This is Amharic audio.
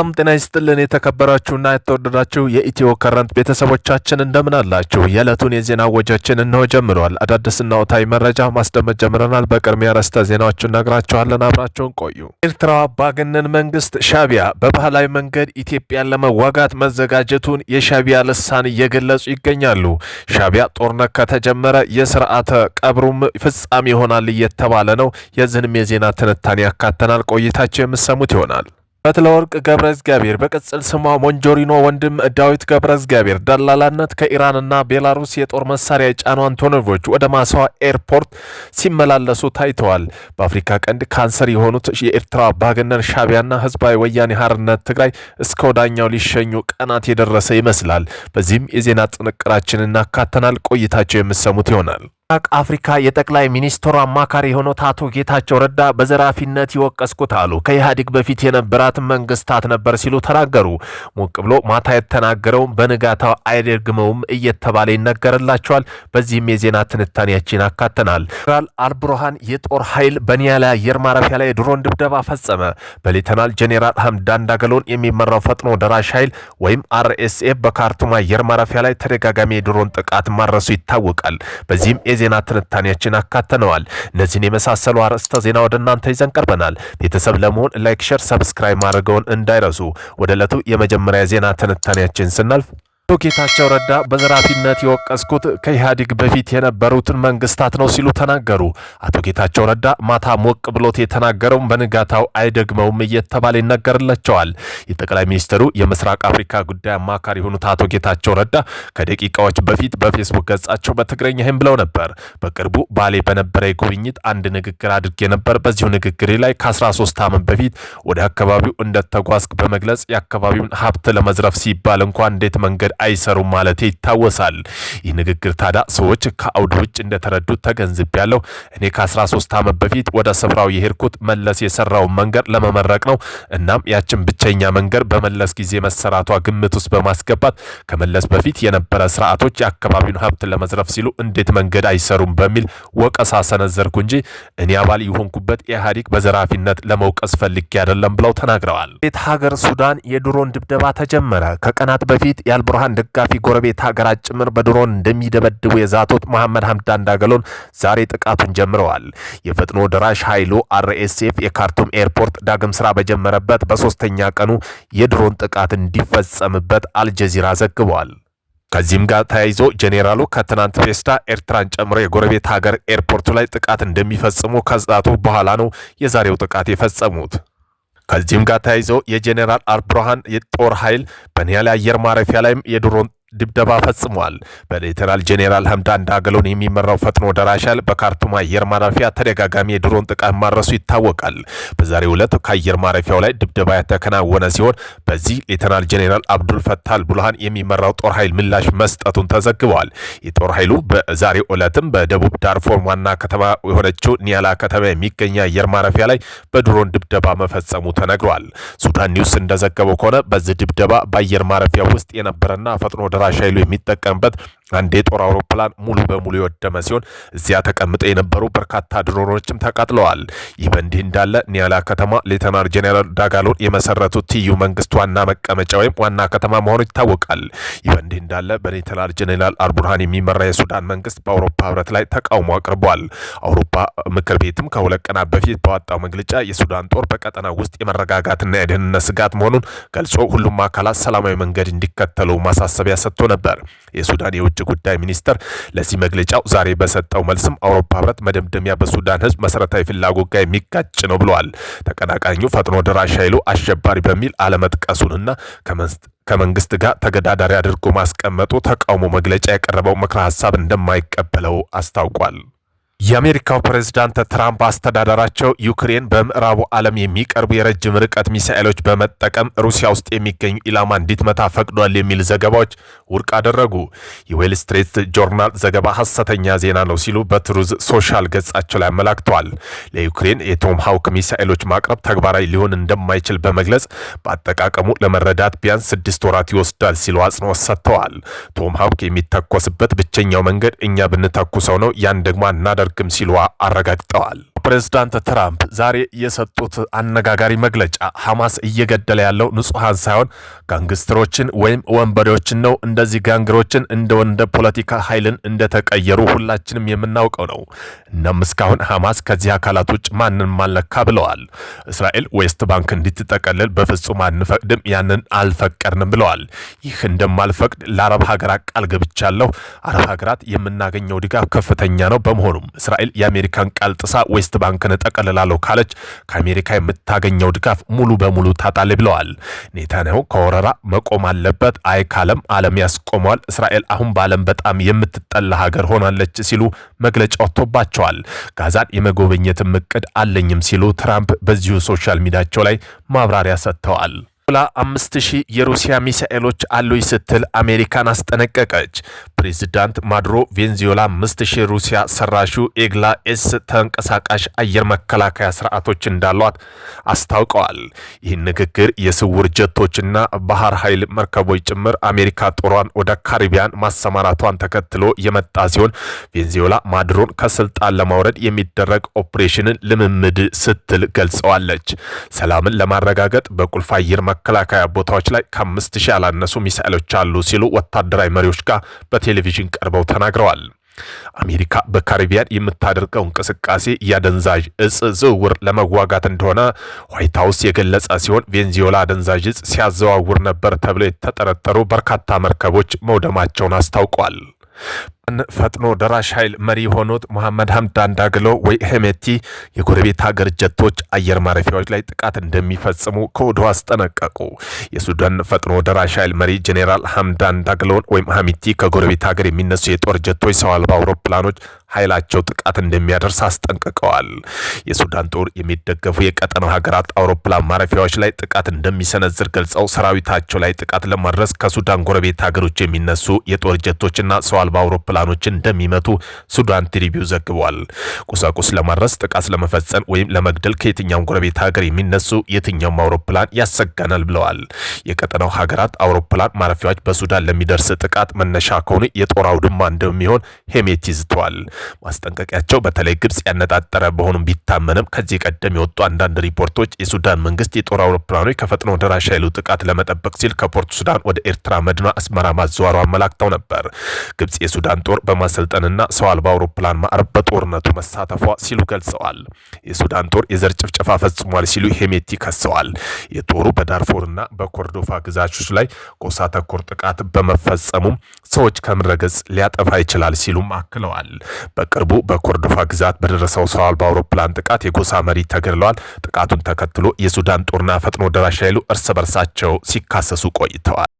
ሰላም ጤና ይስጥልን የተከበራችሁና የተወደዳችሁ የኢትዮ ከረንት ቤተሰቦቻችን እንደምን አላችሁ? የዕለቱን የዜና ወጃችን እነሆ ጀምረዋል። አዳዲስና ወቅታዊ መረጃ ማስደመጥ ጀምረናል። በቅድሚያ ርዕሰ ዜናዎችን ነግራችኋለን። አብራችሁን ቆዩ። ኤርትራ ባገነን መንግስት ሻቢያ በባህላዊ መንገድ ኢትዮጵያን ለመዋጋት መዘጋጀቱን የሻቢያ ልሳን እየገለጹ ይገኛሉ። ሻቢያ ጦርነት ከተጀመረ የስርዓተ ቀብሩም ፍጻሜ ይሆናል እየተባለ ነው። የዚህንም የዜና ትንታኔ ያካተናል። ቆይታቸው የምሰሙት ይሆናል። ፈትለወርቅ ገብረ እግዚአብሔር በቅጽል ስሟ ሞንጆሪኖ ወንድም ዳዊት ገብረ እግዚአብሔር ደላላነት ከኢራንና ቤላሩስ የጦር መሳሪያ የጫኑ አንቶኖቮች ወደ ማሳዋ ኤርፖርት ሲመላለሱ ታይተዋል። በአፍሪካ ቀንድ ካንሰር የሆኑት የኤርትራ ባገነን ሻቢያና ህዝባዊ ወያኔ ሀርነት ትግራይ እስከ ወዳኛው ሊሸኙ ቀናት የደረሰ ይመስላል። በዚህም የዜና ጥንቅራችንን እናካተናል። ቆይታቸው የምሰሙት ይሆናል። ምስራቅ አፍሪካ የጠቅላይ ሚኒስትሩ አማካሪ የሆኑት አቶ ጌታቸው ረዳ በዘራፊነት ይወቀስኩት አሉ። ከኢህአዴግ በፊት የነበራትን መንግስታት ነበር ሲሉ ተናገሩ። ሞቅ ብሎ ማታ የተናገረውን በንጋታው አይደግመውም እየተባለ ይነገርላቸዋል። በዚህም የዜና ትንታኔያችን አካተናል። ጀነራል አልቡርሃን የጦር ኃይል በኒያላ አየር ማረፊያ ላይ የድሮን ድብደባ ፈጸመ። በሌተናል ጄኔራል ሐምዳን ዳገሎን የሚመራው ፈጥኖ ደራሽ ኃይል ወይም አርኤስኤፍ በካርቱም አየር ማረፊያ ላይ ተደጋጋሚ የድሮን ጥቃት ማድረሱ ይታወቃል። በዚህም የዜና ትንታኔያችን አካተነዋል። እነዚህን የመሳሰሉ አርዕስተ ዜና ወደ እናንተ ይዘን ቀርበናል። ቤተሰብ ለመሆን ላይክ፣ ሸር፣ ሰብስክራይብ ማድረገውን እንዳይረሱ። ወደ ዕለቱ የመጀመሪያ ዜና ትንታኔያችን ስናልፍ አቶ ጌታቸው ረዳ በዘራፊነት የወቀስኩት ከኢህአዴግ በፊት የነበሩትን መንግስታት ነው ሲሉ ተናገሩ። አቶ ጌታቸው ረዳ ማታ ሞቅ ብሎት የተናገረውም በንጋታው አይደግመውም እየተባለ ይነገርላቸዋል። የጠቅላይ ሚኒስትሩ የምስራቅ አፍሪካ ጉዳይ አማካሪ የሆኑት አቶ ጌታቸው ረዳ ከደቂቃዎች በፊት በፌስቡክ ገጻቸው በትግረኛ ይህም ብለው ነበር። በቅርቡ ባሌ በነበረ ጉብኝት አንድ ንግግር አድርጌ ነበር። በዚሁ ንግግሬ ላይ ከ13 ዓመት በፊት ወደ አካባቢው እንደተጓዝክ በመግለጽ የአካባቢውን ሀብት ለመዝረፍ ሲባል እንኳን እንዴት መንገድ አይሰሩም ማለት ይታወሳል። ይህ ንግግር ታዲያ ሰዎች ከአውድ ውጭ እንደተረዱት ተገንዝቤያለሁ። እኔ ከ13 ዓመት በፊት ወደ ስፍራው የሄድኩት መለስ የሰራውን መንገድ ለመመረቅ ነው። እናም ያችን ብቸኛ መንገድ በመለስ ጊዜ መሰራቷ ግምት ውስጥ በማስገባት ከመለስ በፊት የነበረ ስርዓቶች የአካባቢውን ሀብት ለመዝረፍ ሲሉ እንዴት መንገድ አይሰሩም በሚል ወቀሳ ሰነዘርኩ እንጂ እኔ አባል የሆንኩበት ኢህአዴግ በዘራፊነት ለመውቀስ ፈልጌ አይደለም ብለው ተናግረዋል። ቤት ሀገር ሱዳን የድሮን ድብደባ ተጀመረ። ከቀናት በፊት ያልብርሃን የኢራን ደጋፊ ጎረቤት ሀገራት ጭምር በድሮን እንደሚደበድቡ የዛቱት መሐመድ ሀምዳን ዳገሎን ዛሬ ጥቃቱን ጀምረዋል። የፈጥኖ ደራሽ ኃይሉ አርኤስኤፍ የካርቱም ኤርፖርት ዳግም ስራ በጀመረበት በሶስተኛ ቀኑ የድሮን ጥቃት እንዲፈጸምበት አልጀዚራ ዘግቧል። ከዚህም ጋር ተያይዞ ጄኔራሉ ከትናንት ፌስታ ኤርትራን ጨምሮ የጎረቤት ሀገር ኤርፖርቱ ላይ ጥቃት እንደሚፈጽሙ ከዛቱ በኋላ ነው የዛሬው ጥቃት የፈጸሙት። ከዚህም ጋር ተያይዞ የጄኔራል አልቡርሃን የጦር ኃይል በኒያላ አየር ማረፊያ ላይም የድሮን ድብደባ ፈጽሟል። በሌተናል ጄኔራል ሀምዳን ዳገሎን የሚመራው ፈጥኖ ደራሻል በካርቱም አየር ማረፊያ ተደጋጋሚ የድሮን ጥቃት ማድረሱ ይታወቃል። በዛሬው ዕለት ከአየር ማረፊያው ላይ ድብደባ የተከናወነ ሲሆን በዚህ ሌተናል ጄኔራል አብዱል ፈታል ቡልሃን የሚመራው ጦር ኃይል ምላሽ መስጠቱን ተዘግበዋል። የጦር ኃይሉ በዛሬው ዕለትም በደቡብ ዳርፎር ዋና ከተማ የሆነችው ኒያላ ከተማ የሚገኝ አየር ማረፊያ ላይ በድሮን ድብደባ መፈጸሙ ተነግሯል። ሱዳን ኒውስ እንደዘገበው ከሆነ በዚህ ድብደባ በአየር ማረፊያ ውስጥ የነበረና ፈጥኖ ሰራሽ ኃይሉ የሚጠቀምበት አንድ የጦር አውሮፕላን ሙሉ በሙሉ የወደመ ሲሆን እዚያ ተቀምጠው የነበሩ በርካታ ድሮኖችም ተቃጥለዋል። ይህ በእንዲህ እንዳለ ኒያላ ከተማ ሌተናር ጄኔራል ዳጋሎን የመሰረቱት ትዩ መንግስት ዋና መቀመጫ ወይም ዋና ከተማ መሆኑ ይታወቃል። ይህ በእንዲህ እንዳለ በሌተናር ጄኔራል አልቡርሃን የሚመራ የሱዳን መንግስት በአውሮፓ ህብረት ላይ ተቃውሞ አቅርቧል። አውሮፓ ምክር ቤትም ከሁለት ቀናት በፊት ባወጣው መግለጫ የሱዳን ጦር በቀጠና ውስጥ የመረጋጋትና የደህንነት ስጋት መሆኑን ገልጾ ሁሉም አካላት ሰላማዊ መንገድ እንዲከተሉ ማሳሰቢያ ሰጥቶ ነበር። የሱዳን የውጭ የውጭ ጉዳይ ሚኒስተር ለዚህ መግለጫው ዛሬ በሰጠው መልስም አውሮፓ ህብረት መደምደሚያ በሱዳን ህዝብ መሰረታዊ ፍላጎት ጋር የሚጋጭ ነው ብለዋል። ተቀናቃኙ ፈጥኖ ደራሽ ኃይሉ አሸባሪ በሚል አለመጥቀሱንና ከመንግስት ጋር ተገዳዳሪ አድርጎ ማስቀመጡ ተቃውሞ መግለጫ የቀረበው ምክረ ሀሳብ እንደማይቀበለው አስታውቋል። የአሜሪካው ፕሬዝዳንት ትራምፕ አስተዳደራቸው ዩክሬን በምዕራቡ ዓለም የሚቀርቡ የረጅም ርቀት ሚሳኤሎች በመጠቀም ሩሲያ ውስጥ የሚገኙ ኢላማ እንዲትመታ ፈቅዷል የሚል ዘገባዎች ውድቅ አደረጉ። የዌል ስትሪት ጆርናል ዘገባ ሐሰተኛ ዜና ነው ሲሉ በትሩዝ ሶሻል ገጻቸው ላይ አመላክተዋል። ለዩክሬን የቶም ሀውክ ሚሳኤሎች ማቅረብ ተግባራዊ ሊሆን እንደማይችል በመግለጽ በአጠቃቀሙ ለመረዳት ቢያንስ ስድስት ወራት ይወስዳል ሲሉ አጽንኦት ሰጥተዋል። ቶም ሀውክ የሚተኮስበት ብቸኛው መንገድ እኛ ብንተኩሰው ነው። ያን ደግሞ አናደርግ አያደርግም ሲሉ አረጋግጠዋል። ፕሬዝዳንት ትራምፕ ዛሬ የሰጡት አነጋጋሪ መግለጫ ሐማስ እየገደለ ያለው ንጹሐን ሳይሆን ጋንግስተሮችን ወይም ወንበዴዎችን ነው። እንደዚህ ጋንግሮችን እንደ ወንደ ፖለቲካ ኃይልን እንደተቀየሩ ሁላችንም የምናውቀው ነው። እናም እስካሁን ሐማስ ከዚህ አካላት ውጭ ማንን ማለካ ብለዋል። እስራኤል ዌስት ባንክ እንድትጠቀልል በፍጹም አንፈቅድም፣ ያንን አልፈቀድንም ብለዋል። ይህ እንደማልፈቅድ ለአረብ ሀገራት ቃል ገብቻለሁ። አረብ ሀገራት የምናገኘው ድጋፍ ከፍተኛ ነው። በመሆኑም እስራኤል የአሜሪካን ቃል ጥሳ ዌስት ባንክን ጠቀልላለሁ ካለች ከአሜሪካ የምታገኘው ድጋፍ ሙሉ በሙሉ ታጣለ ብለዋል። ኔታንያሁ ከወረራ መቆም አለበት፣ አይ ካለም ዓለም ያስቆመዋል። እስራኤል አሁን በዓለም በጣም የምትጠላ ሀገር ሆናለች ሲሉ መግለጫ ወጥቶባቸዋል። ጋዛን የመጎበኘትም እቅድ አለኝም ሲሉ ትራምፕ በዚሁ ሶሻል ሚዲያቸው ላይ ማብራሪያ ሰጥተዋል። ብላ አምስት ሺህ የሩሲያ ሚሳኤሎች አሉኝ ስትል አሜሪካን አስጠነቀቀች። ፕሬዚዳንት ማዱሮ ቬንዚዮላ አምስት ሺህ ሩሲያ ሰራሹ ኤግላ ኤስ ተንቀሳቃሽ አየር መከላከያ ስርዓቶች እንዳሏት አስታውቀዋል። ይህን ንግግር የስውር ጀቶችና ባህር ኃይል መርከቦች ጭምር አሜሪካ ጦሯን ወደ ካሪቢያን ማሰማራቷን ተከትሎ የመጣ ሲሆን ቬንዚዮላ ማዱሮን ከስልጣን ለማውረድ የሚደረግ ኦፕሬሽንን ልምምድ ስትል ገልጸዋለች። ሰላምን ለማረጋገጥ በቁልፍ አየር መከላከያ ቦታዎች ላይ ከአምስት ሺህ ያላነሱ ሚሳኤሎች አሉ ሲሉ ወታደራዊ መሪዎች ጋር በቴሌቪዥን ቀርበው ተናግረዋል። አሜሪካ በካሪቢያን የምታደርገው እንቅስቃሴ የአደንዛዥ እጽ ዝውውር ለመዋጋት እንደሆነ ዋይት ሀውስ የገለጸ ሲሆን ቬንዚዮላ አደንዛዥ እጽ ሲያዘዋውር ነበር ተብለው የተጠረጠሩ በርካታ መርከቦች መውደማቸውን አስታውቋል። የሱዳን ፈጥኖ ደራሽ ኃይል መሪ የሆኑት መሐመድ ሀምዳን ዳግሎ ወይ ሄሜቲ የጎረቤት ሀገር ጀቶች አየር ማረፊያዎች ላይ ጥቃት እንደሚፈጽሙ ከወዲሁ አስጠነቀቁ። የሱዳን ፈጥኖ ደራሽ ኃይል መሪ ጄኔራል ሀምዳን ዳግሎን ወይም ሀሚቲ ከጎረቤት ሀገር የሚነሱ የጦር ጀቶች፣ ሰው አልባ አውሮፕላኖች ኃይላቸው ጥቃት እንደሚያደርስ አስጠንቅቀዋል። የሱዳን ጦር የሚደገፉ የቀጠናው ሀገራት አውሮፕላን ማረፊያዎች ላይ ጥቃት እንደሚሰነዝር ገልጸው ሰራዊታቸው ላይ ጥቃት ለማድረስ ከሱዳን ጎረቤት ሀገሮች የሚነሱ የጦር ጀቶችና ሰው አልባ አውሮፕላ አውሮፕላኖችን እንደሚመቱ ሱዳን ትሪቢው ዘግቧል። ቁሳቁስ ለማድረስ ጥቃት ለመፈጸም ወይም ለመግደል ከየትኛውም ጎረቤት ሀገር የሚነሱ የትኛውም አውሮፕላን ያሰጋናል ብለዋል። የቀጠናው ሀገራት አውሮፕላን ማረፊያዎች በሱዳን ለሚደርስ ጥቃት መነሻ ከሆኑ የጦር አውድማ እንደሚሆን ሄሜቲ ይዝተዋል። ማስጠንቀቂያቸው በተለይ ግብጽ ያነጣጠረ በሆኑም ቢታመንም ከዚህ ቀደም የወጡ አንዳንድ ሪፖርቶች የሱዳን መንግስት የጦር አውሮፕላኖች ከፈጥኖ ደራሽ ኃይሉ ጥቃት ለመጠበቅ ሲል ከፖርት ሱዳን ወደ ኤርትራ መድና አስመራ ማዘዋሩ አመላክተው ነበር። ግብጽ የሱዳን የሱዳን ጦር በማሰልጠንና ሰው አልባ አውሮፕላን ማዕረብ በጦርነቱ መሳተፏ ሲሉ ገልጸዋል። የሱዳን ጦር የዘር ጭፍጨፋ ፈጽሟል ሲሉ ሄሜቲ ከሰዋል። የጦሩ በዳርፎርና በኮርዶፋ ግዛቾች ላይ ጎሳ ተኮር ጥቃት በመፈጸሙም ሰዎች ከምረገጽ ሊያጠፋ ይችላል ሲሉም አክለዋል። በቅርቡ በኮርዶፋ ግዛት በደረሰው ሰው አልባ አውሮፕላን ጥቃት የጎሳ መሪ ተገድለዋል። ጥቃቱን ተከትሎ የሱዳን ጦርና ፈጥኖ ደራሽ ኃይሉ እርስ በርሳቸው ሲካሰሱ ቆይተዋል።